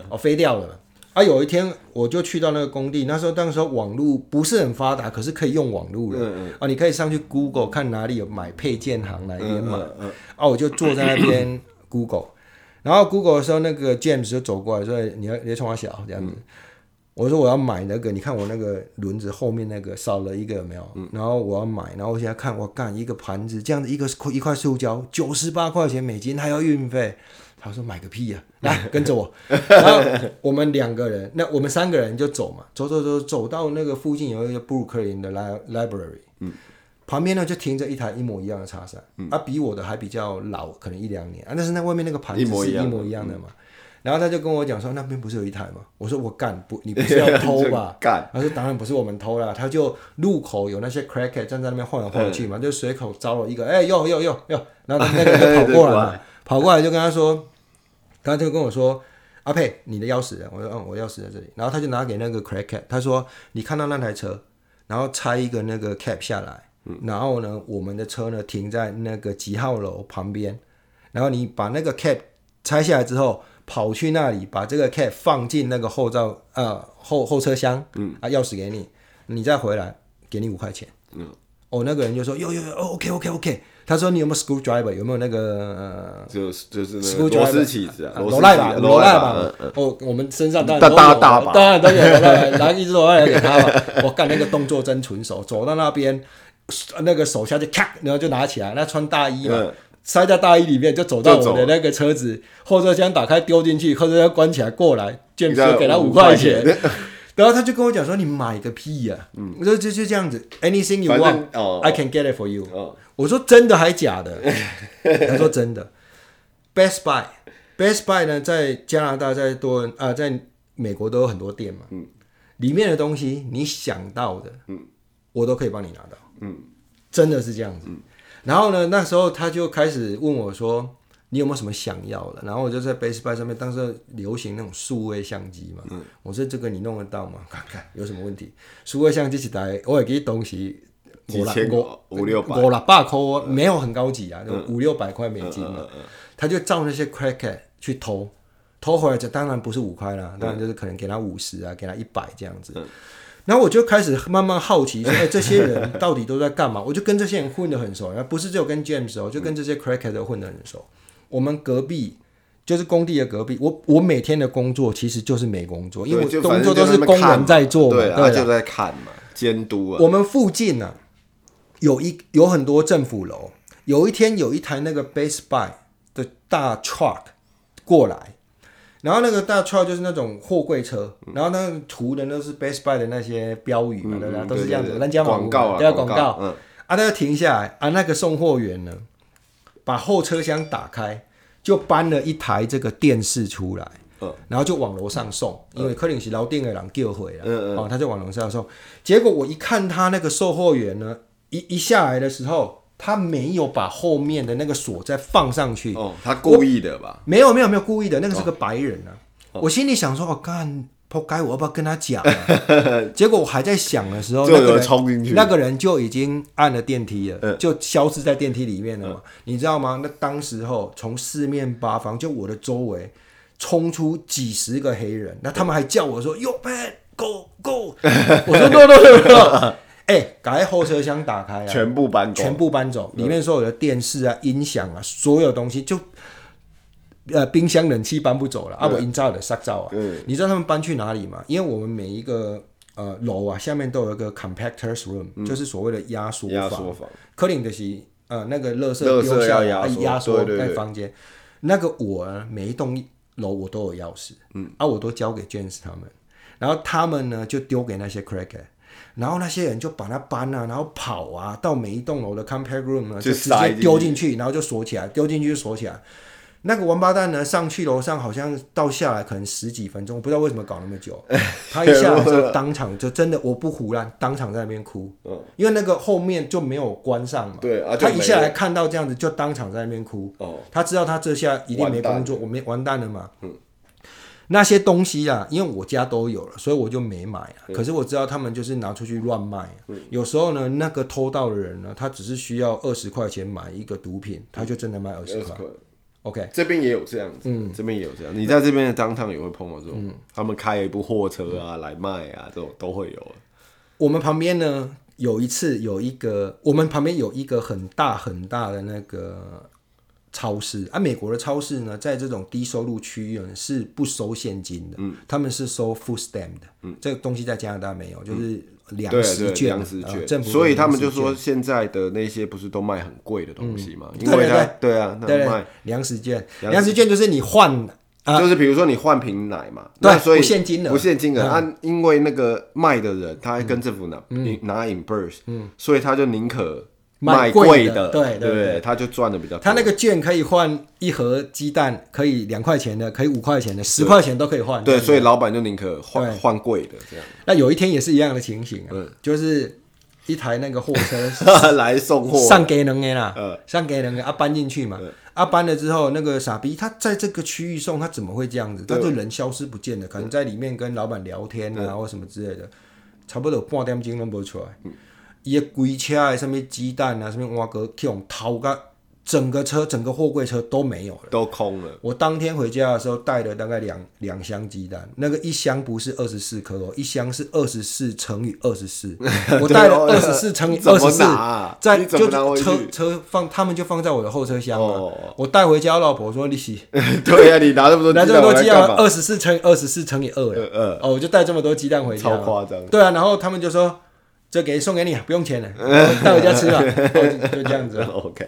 哦，飛掉了 [laughs] 啊！有一天我就去到那個工地，那時候當時候網絡不是很發達，可是可以用網絡的。嗯嗯啊，你可以上去 Google 看哪裡有買配件行來買，嗯嗯、啊，我就坐在那邊。咳咳 Google，然後 Google 的時候，那個 James 就走過來說：“你要你要衝我笑這樣子。嗯”我說：“我要買那個，你看我那個輪子後面那個少了一個有沒有。”然後我要買，然後我現在看，我幹一個盤子這樣子，一個一塊塑膠九十八塊錢美金，還要運費。他說：“買個屁啊！來跟着我。” [laughs] 然後我們兩個人，那我們三個人就走嘛，走走走，走到那個附近有一個布魯克林的 Library。嗯。旁邊呢就停着一台一模一樣的叉車，嗯、啊，比我的還比較老，可能一兩年啊。但是那外面那個盤子是一模一樣的嘛。一一的嗯、然後他就跟我講說,、嗯、說，那邊不是有一台嗎？我說我幹不，你不是要偷吧？ [laughs] 幹。他說當然不是我們偷啦，他就路口有那些 crackhead 站在那邊晃來晃去嘛，嗯、就隨口招了一個，哎、欸，呦呦呦呦。然後那個人就跑過來嘛， [laughs] 過來跑過來就跟他說，他就跟我說，阿沛、啊，你的鑰匙呢？我說嗯，我鑰匙在這裡。然後他就拿給那個 crackhead 他說你看到那台車，然後拆一個那個 cap 下來。然後呢，我們的車呢停，在那個幾號樓旁邊，然後你把那個 cap 拆下來之後，跑去那裡把這個 cap 放進那個後罩呃後後車廂，嗯啊，鑰匙給你，你再回來給你五塊錢。嗯哦，那個人就說呦呦呦，哦 OK OK OK。他說你有沒有 screwdriver 有沒有那個呃就是就是螺絲起子，螺賴吧螺賴吧。哦，我們身上當然當然都有了，拿一隻手來給他，我幹那個動作真純熟，走到那邊，那個手下就咔，然後就拿起來，那穿大衣嘛，嗯、塞在大衣裡面，就走到我們的那個車子後車廂打開丟進去，後車廂關起來過來，捐車給他五塊錢，嗯、然後他就跟我講說：“你買個屁呀、啊！”嗯、我說：“就就這樣子，anything you want，I、哦、can get it for you、哦。”我說：“真的還假的？” [laughs] 他說：“真的。”Best Buy，Best Buy 呢，在加拿大在多啊，在美國都有很多店嘛，嗯、裡面的東西你想到的，嗯、我都可以幫你拿到。嗯，真的是這樣子。嗯、然後呢，那時候他就開始問我說：“你有沒有什麼想要的？”然後我就在 BaseBuy 上面，當時流行那種數位相機嘛。嗯、我說：“這個你弄得到嗎？看看有什麼問題。”數位相機是來偶爾給東西五幾千塊，五六百，五六百塊，嗯、沒有很高級啊，就五六百塊美金嘛。嗯嗯嗯嗯、他就照那些 crack 去偷，偷回來就當然不是五塊啦，嗯、當然就是可能給他五十啊，給他一百這樣子。嗯。然後我就開始慢慢好奇，哎、欸，這些人到底都在幹嘛？ [laughs] 我就跟這些人混得很熟。然後不是只有跟 James 哦，就跟這些 crackers 混得很熟。嗯、我們隔壁就是工地的隔壁。我我每天的工作其實就是沒工作，對因為我工作都是工人在做嘛，那嘛對啊，對就在看嘛，監督。我們附近呢、啊，有一有很多政府樓。有一天有一台那個 base by 的大 truck 過來。然後那個大串就是那種貨櫃車，然後那個圖的那是 Best Buy 的那些標語嘛，嗯、對不對？都是這樣子的，人家廣,廣告，啊，家廣告，啊，他就停下來，啊，那個送貨員呢，把後車廂打開，就搬了一台這個電視出來，嗯、然後就往樓上送，嗯、因為可能是老的人叫回了，哦、嗯嗯啊，他就往樓上送，結果我一看他那個售貨員呢，一一下來的時候。他沒有把後面的那個鎖再放上去，哦，他故意的吧？沒有沒有沒有故意的，那個是個白人啊。哦、我心裡想說，我、哦、幹，仆街，我要不要跟他講、啊？ [laughs] 結果我還在想的時候，那個人那個、人就已經按了電梯了，嗯、就消失在電梯裡面了嘛，嗯、你知道嗎？那當時候從四面八方，就我的周圍衝出幾十個黑人，那、嗯、他們還叫我說：“喲，bad go！”, go [laughs] 我說：“多多是不是？” [laughs] 哎，改在後車廂打開啊！全部搬走，全部搬走，裡面所有的電視啊、音響啊，所有東西就呃冰箱、冷氣搬不走了啊！我營造的煞造啊！你知道他們搬去哪裡嗎？因為我們每一個呃樓啊，下面都有一個 compactor room，就是所謂的壓縮壓縮房，可拎的是呃那個垃圾丟下壓縮那房間。那個我呢每一棟樓我都有鑰匙，嗯啊，我都交給 James 他們，然後他們呢就丟給那些 cracker 然後那些人就把他搬啊，然後跑啊，到每一棟樓的 compare room 呢，就直接丟進去，去進去然後就鎖起來，丟進去就鎖起來。那個王八蛋呢，上去樓上好像到下來可能十幾分鐘，我不知道為什麼搞那麼久。 [laughs] 他一下就當場就真的，我不唬爛，當場在那邊哭。 [laughs] 因為那個後面就沒有關上嘛。 [laughs] 他一下來看到這樣子，就當場在那邊哭。 [laughs] 他知道他這下一定沒工作，蛋我沒完蛋了嘛。嗯那些東西啊，因為我家都有了，所以我就沒買啊。嗯、可是我知道他們就是拿出去亂賣、嗯、有時候呢，那個偷盜的人呢，他只是需要二十塊錢買一個毒品，嗯、他就真的賣二十塊。OK，這邊也有這樣子，嗯、這邊也有這樣。對你在這邊的 downtown 也會碰到這種，嗯、他們開一部貨車啊來賣啊，嗯、這種都會有。我們旁邊呢，有一次有一個，我們旁邊有一個很大很大的那個。超市啊，美國的超市呢，在這種低收入區域是不收現金的，他們是收 Food Stamp 的。嗯，這個東西在加拿大沒有，就是糧食券。糧食券，所以他們就說現在的那些不是都賣很貴的東西嘛？對對對，對啊，賣糧食券，糧食券就是你換，就是比如說你換瓶奶嘛。對，所以不現金額，不現金額，啊，因為那個賣的人，他還跟政府拿拿 inburst，所以他就寧可。買貴的，對對對，他就賺的比較。他那個券，可以換一盒雞蛋，可以兩塊錢的，可以五塊錢的，十塊錢都可以換。對，所以老板就寧可換換貴的這樣。那有一天也是一樣的情形啊，就是一台那個貨車來送貨，上給人啊，上給人啊搬進去嘛。啊搬了之後，那個傻逼他在這個區域送，他怎麼會這樣子？他就人消失不見了，可能在裡面跟老板聊天啊或什麼之類的，差不多半點鐘都不出來。一些龜車上面雞蛋啊，什麼瓦格去用掏個整個車，整個貨櫃車都沒有了，都空了。我當天回家的時候帶了大概兩兩箱雞蛋，那個一箱不是二十四顆哦，一箱是二十四乘以二十四。 [laughs] 哦、我帶了二十四乘以二十四，在就車車放他們就放在我的後車廂嘛。哦、我帶回家，我老婆說你洗。 [laughs] 對呀、啊，你拿這麼多拿、呃呃 oh, 這麼多雞蛋，二十四乘以二十四乘以二，二哦，我就帶這麼多雞蛋回家。超誇張。對啊，然後他們就說。就給送給你不用錢了，帶回家吃吧， [laughs] 就這樣子。 [laughs] OK。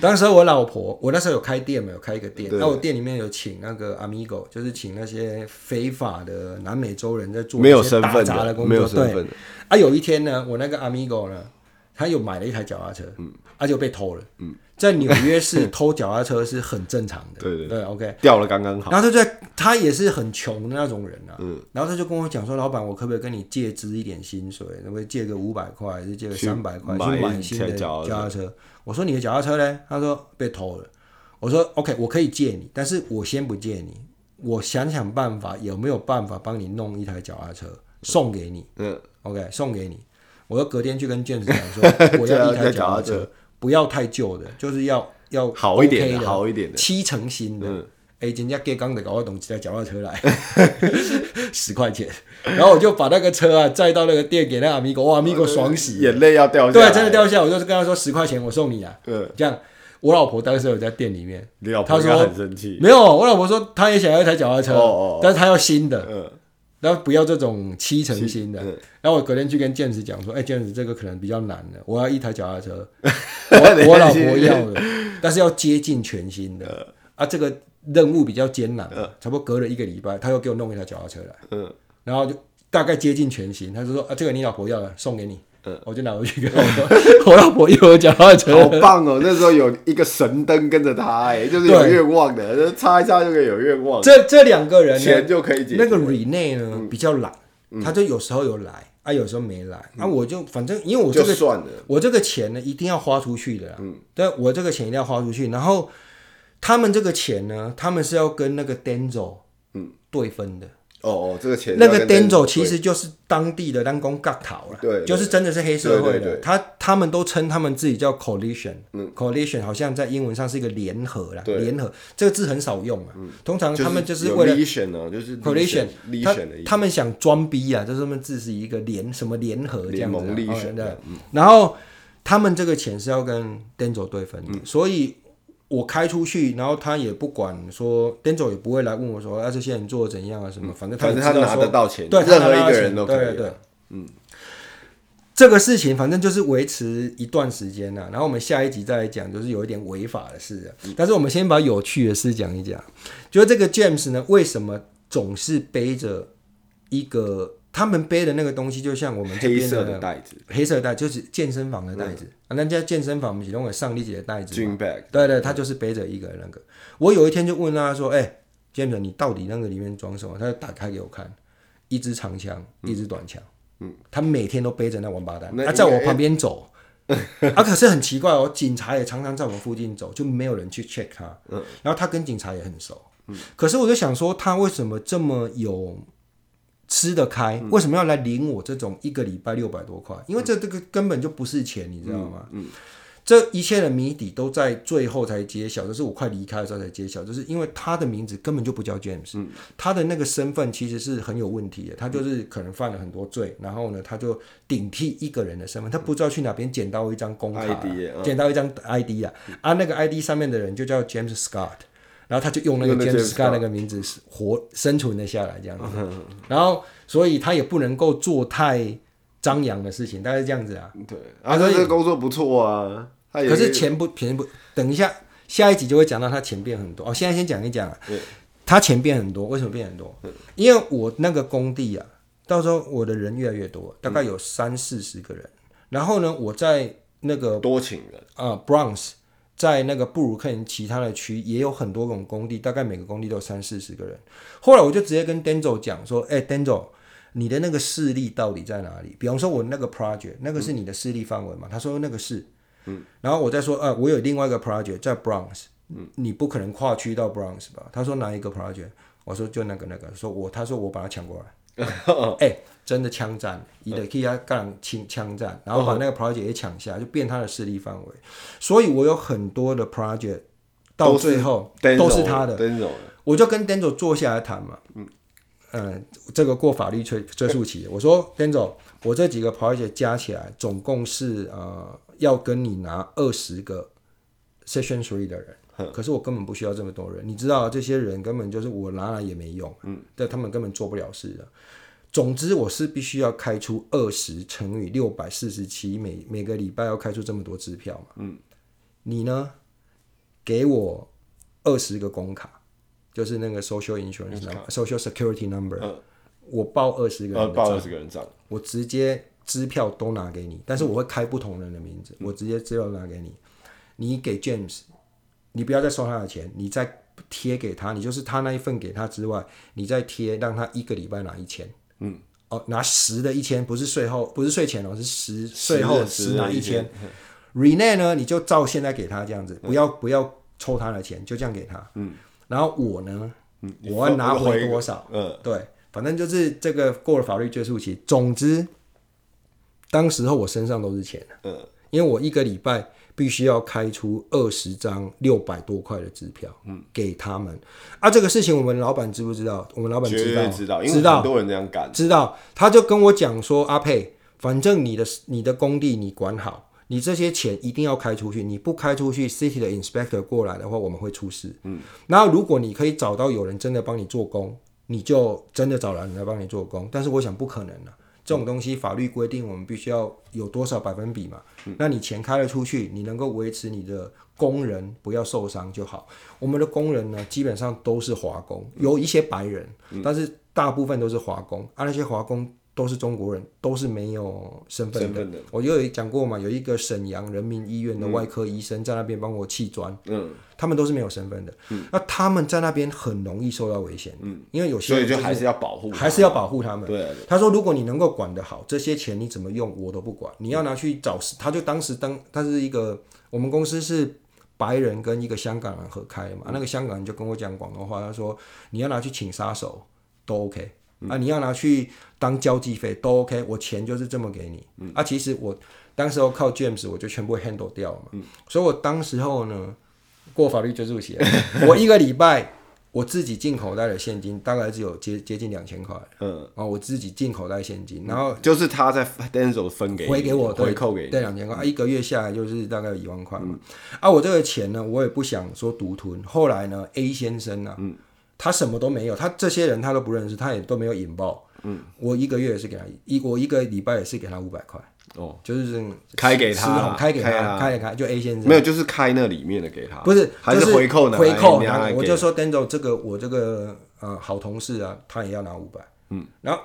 當時我老婆，我那時候有開店嘛，有開一個店。那對我店裡面有請那個阿米哥就是請那些非法的南美洲人在做一些打雜的工作。對啊，有一天呢，我那個阿米哥呢，他又買了一台腳踏車，嗯，啊、就被偷了，嗯，在紐約市偷腳踏車是很正常的， [laughs] 對對對，對，OK 掉了剛剛好。然後他在他也是很窮的那種人啊，嗯，然後他就跟我講說，老闆，我可不可以跟你借支一點薪水？能不能借個五百塊，還是借個三百塊去買新的腳踏車？踏車，我說你的腳踏車咧？他說被偷了。我說 OK，我可以借你，但是我先不借你，我想想辦法有沒有辦法幫你弄一台腳踏車、嗯、送給你，嗯，OK 送給你。我要隔天去跟卷子講說，我要一台腳踏車，不要太舊的，就是要要好一點的，好一點的，七成新的。哎，人家剛剛的搞個東西，台腳踏車來，十塊錢。然後我就把那個車啊載到那個店，給那阿米哥，哇，阿米哥爽死，眼淚要掉下，對，真的掉下。我就是跟他說，十塊錢我送你啊。嗯，這樣，我老婆當時有在店裡面，他說很生氣，沒有，我老婆說她也想要一台腳踏車，但是她要新的，然後不要這種七成新的。嗯、然後我隔天去跟健子講說，哎，健子，這個可能比較難的，我要一台腳踏車， [laughs] 我我老婆要的， [laughs] 但是要接近全新的。嗯、啊，這個任務比較艱難。嗯、差不多隔了一個禮拜，他又給我弄一台腳踏車來，嗯、然後就大概接近全新。他就說，啊，這個你老婆要的，送給你。嗯，我就拿回去跟，我老婆一有講話好棒哦！那時候有一個神燈跟着他，哎，就是有願望的，擦一擦就可以有願望。這這兩個人錢就可以解。那個 Rene 呢比較懶，他就有時候有來啊，有時候沒來。那我就反正因為我這個我這個錢呢一定要花出去的，嗯，對我這個錢一定要花出去。然後他們這個錢呢，他們是要跟那個 Denzel 嗯對分的。哦哦，這個錢那個 Denzo 其實就是當地的藍工干頭啦，對，就是真的是黑社會的。他他們都稱他們自己叫 Coalition，Coalition 好像在英文上是一個聯合啦，聯合這個字很少用啊。通常他們就是為了 Coalition，就是 Coalition，他他們想裝逼啊，就是他們自己是一個聯什麼聯合這樣子啊。對，然後他們這個錢是要跟 Denzo 對分的，所以。我開出去，然後他也不管說，說邊走也不會來問我說，啊，這些人做的怎樣啊什麼？反正他正、嗯、他拿得到錢，對任何一個人都可以。對對嗯，這個事情反正就是維持一段時間吶、啊，然後我們下一集再來講，就是有一點違法的事、啊。但是我們先把有趣的事講一講，就是、嗯、這個 James 呢，為什麼總是背着一個？他們背的那個東西，就像我們這邊的，的袋子。黑色袋，就是健身房的袋子，嗯、啊。那家健身房不是用的上帝姐的袋子 Dream bag 對，對對，他就是背着一個那個。嗯、我有一天就問他說：“哎、欸，James 你到底那個裡面裝什麼？”他就打開給我看，一支長槍，一支短槍。嗯，他每天都背着那王八蛋，他、嗯啊、在我旁邊走。欸、啊，可是很奇怪哦，警察也常常在我附近走，就沒有人去 check 他。嗯、然後他跟警察也很熟。嗯。可是我就想說，他為什麼這麼有？吃得開，為什麼要來領我這種一個禮拜六百多塊？因為這、嗯、這個根本就不是錢，你知道嗎？嗯嗯、這一切的謎底都在最後才揭曉，就是我快離開的時候才揭曉。就是因為他的名字根本就不叫 James，嗯、他的那個身份，其實是很有問題的。他就是可能犯了很多罪，嗯、然後呢，他就頂替一個人的身份。他不知道去哪邊撿到一張工卡、啊，Idea, uh, 撿到一張 ID 啊，嗯、啊，那個 ID 上面的人就叫 James Scott。然後他就用那個 James Scott 那個名字是活生存了下來這樣子，啊、然後所以他也不能夠做太張揚的事情，大概是這樣子啊。對，然後這個工作不錯啊，可是錢不錢不，等一下下一集就會講到他錢變很多哦。現在先講一講，他錢變很多，為什麼變很多？因為我那個工地啊，到時候我的人越來越多，大概有三四十個人。然後呢，我在那個多請人啊，Bronx。在那個布魯克林其他的區也有很多種工地，大概每個工地都有三四十個人。後來我就直接跟 Denzel 講說：“誒、欸、Denzel 你的那個勢力到底在哪裡？比方說，我那個 project 那個是你的勢力範圍嘛？”嗯、他說：“那個是。”嗯，然後我再說：“啊，我有另外一個 project 在 Bronx，嗯，你不可能跨區到 Bronx 吧？”他說：“哪一個 project？” 我說：“就那個那個。”說我他說我把他搶過來。 [laughs] 欸真的槍戰，你的 k i 槓槍戰，然後把那個 project 也搶下，就變他的勢力範圍。哦、所以我有很多的 project，到最後都是，都是他的。我就跟 Denzo 坐下來談嘛。嗯、呃、這個過法律追追溯期，嗯、我說 Denzo，我這幾個 project 加起來總共是呃要跟你拿二十個 session three 的人，嗯、可是我根本不需要這麼多人。你知道，這些人根本就是我拿了也沒用，嗯，但他們根本做不了事的、啊。總之，我是必須要開出二十乘以六百四十七，每每個禮拜要開出這麼多支票嘛。嗯，你呢？給我二十個工卡，就是那個 social insurance，嗯，social security number，嗯。我報二十個人，報二十個人賬。我直接支票都拿給你，但是我會開不同人的名字。嗯，我直接支票拿給你，你給 James，你不要再收他的錢，你再貼給他，你就是他那一份給他之外，你再貼讓他一個禮拜拿一千。嗯，哦，拿十的一千，不是稅後，不是稅前哦，是十稅的後十拿一千。Ren 呢，你就照現在給他這樣子，嗯、不要不要抽他的錢，就這樣給他。嗯，然後我呢，嗯、我要拿回多少？嗯，對，反正就是這個過了法律追訴期。總之，當時候我身上都是錢，嗯，因為我一個禮拜。必須要開出二十張六百多塊的支票，嗯，給他們、嗯、啊！這個事情我們老闆知不知道？我們老闆知道，知道，知道很多人這樣幹。知道，他就跟我講說：“阿、啊、佩，反正你的你的工地你管好，你這些錢一定要開出去。你不開出去，City 的 Inspector 過來的話，我們會出事。嗯，然後如果你可以找到有人真的幫你做工，你就真的找人來幫你做工。但是我想不可能了、啊。”這種東西法律規定，我們必須要有多少百分比嘛？嗯、那你錢開了出去，你能夠維持你的工人不要受傷就好。我們的工人呢，基本上都是華工，有一些白人，嗯、但是大部分都是華工。而、啊、那些華工。都是中國人，都是沒有身份的。的我就有講過嘛，有一個瀋陽人民醫院的外科醫生在那邊幫我砌磚，嗯，他們都是沒有身份的，嗯，那他們在那邊很容易受到危險，嗯，因為有些人，所以就是還是要保護，還是要保護他們。對，啊、對，他說如果你能夠管得好，這些錢你怎麼用我都不管，你要拿去找，嗯、他就當時當他是一個，我們公司是白人跟一個香港人合開的嘛，嗯、那個香港人就跟我講廣東話，他說你要拿去請殺手都 OK。啊，你要拿去當交際費都 OK，我錢就是這麼給你。嗯、啊，其實我當時候靠 James，我就全部 handle 掉嘛。嗯、所以我當時候呢，過法律追訴期。 [laughs] 我一個禮拜我自己進口袋的現金，大概只有接接近兩千塊。嗯，啊，我自己進口袋現金，然後、嗯、就是他在 d a n z e l 分給回給我回扣給你對，兩千塊，一個月下來就是大概一萬塊。嘛。嗯、啊，我這個錢呢，我也不想說獨吞。後來呢，A 先生呢、啊？嗯他什麼都沒有，他這些人他都不認識，他也都沒有引爆。嗯，我一個月也是給他一，我一個禮拜也是給他五百塊。哦，就是開給他，開給他，開給他。就 A 先生沒有，就是開那裡面的給他，不是還是回扣呢？回扣，我就說 Daniel 這個，我這個呃好同事啊，他也要拿五百。嗯，然後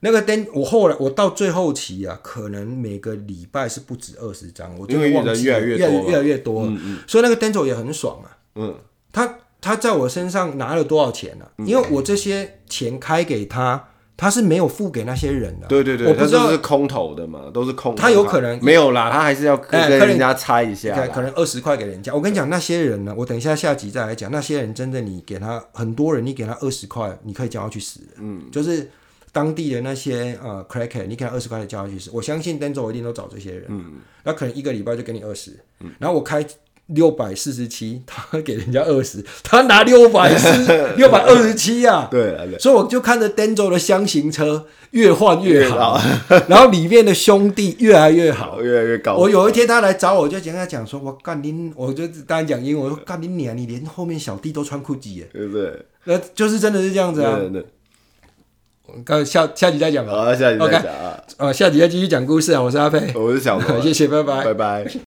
那個 Daniel 我後來我到最後期啊，可能每個禮拜是不止二十張，我就越越越越來越多，所以那個 Daniel 也很爽啊。嗯，他。他在我身上拿了多少錢呢，啊？因為我這些錢開給他，他是沒有付給那些人的，啊。對對對，我不知道是空頭的嘛，都是空。他有可能也沒有啦，他還是要跟人家猜一下可。可能二十塊給人家。我跟你講，那些人呢，我等一下下集再來講。那些人真的，你給他很多人，你給他二十塊，你可以叫他去死。嗯，就是當地的那些呃 cracker 你給他二十塊，叫他去死。我相信 Denzel 一定都找這些人。嗯，那可能一個禮拜就給你二十。嗯，然後我開。六百四十七，他給人家二十，他拿六百四，六百二十七啊。對，所以我就看着 Denzel 的箱型車越換越好，然後裡面的兄弟越來越好，越來越高。我有一天他來找我，就跟他講說：“我幹你，我就當然講英文，我說：‘幹你娘，你連後面小弟都穿酷 G 耶，對不對？’那就是真的是這樣子啊。”我下下集再講吧，好，下集再講啊，下集再繼續講故事啊。我是阿沛，我是小光，謝謝，拜拜，拜拜。